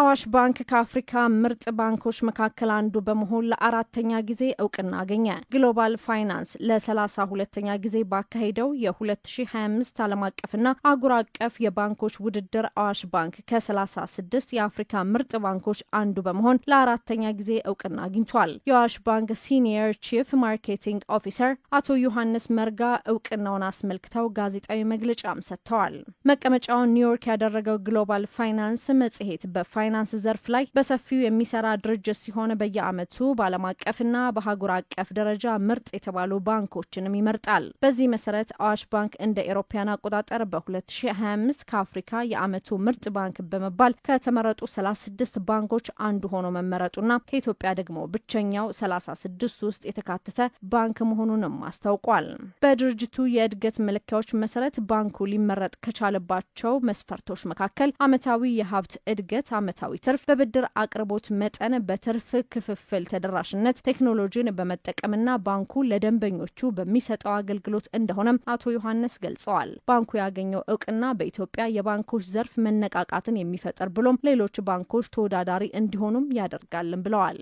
አዋሽ ባንክ ከአፍሪካ ምርጥ ባንኮች መካከል አንዱ በመሆን ለአራተኛ ጊዜ እውቅና አገኘ። ግሎባል ፋይናንስ ለሰላሳ ሁለተኛ ጊዜ ባካሄደው የ2025 ዓለም አቀፍና አጉር አቀፍ የባንኮች ውድድር አዋሽ ባንክ ከ36 የአፍሪካ ምርጥ ባንኮች አንዱ በመሆን ለአራተኛ ጊዜ እውቅና አግኝቷል። የአዋሽ ባንክ ሲኒየር ቺፍ ማርኬቲንግ ኦፊሰር አቶ ዮሐንስ መርጋ እውቅናውን አስመልክተው ጋዜጣዊ መግለጫም ሰጥተዋል። መቀመጫውን ኒውዮርክ ያደረገው ግሎባል ፋይናንስ መጽሔት በፋ የፋይናንስ ዘርፍ ላይ በሰፊው የሚሰራ ድርጅት ሲሆን በየዓመቱ በዓለም አቀፍና በሀጉር አቀፍ ደረጃ ምርጥ የተባሉ ባንኮችንም ይመርጣል። በዚህ መሰረት አዋሽ ባንክ እንደ ኤሮፓያን አቆጣጠር በ2025 ከአፍሪካ የዓመቱ ምርጥ ባንክ በመባል ከተመረጡ 36 ባንኮች አንዱ ሆኖ መመረጡና ከኢትዮጵያ ደግሞ ብቸኛው 36 ውስጥ የተካተተ ባንክ መሆኑንም አስታውቋል። በድርጅቱ የእድገት መለኪያዎች መሰረት ባንኩ ሊመረጥ ከቻለባቸው መስፈርቶች መካከል ዓመታዊ የሀብት እድገት፣ አመ ዓመታዊ ትርፍ በብድር አቅርቦት መጠን በትርፍ ክፍፍል ተደራሽነት ቴክኖሎጂን በመጠቀምና ባንኩ ለደንበኞቹ በሚሰጠው አገልግሎት እንደሆነም አቶ ዮሐንስ ገልጸዋል። ባንኩ ያገኘው እውቅና በኢትዮጵያ የባንኮች ዘርፍ መነቃቃትን የሚፈጥር ብሎም ሌሎች ባንኮች ተወዳዳሪ እንዲሆኑም ያደርጋልን ብለዋል።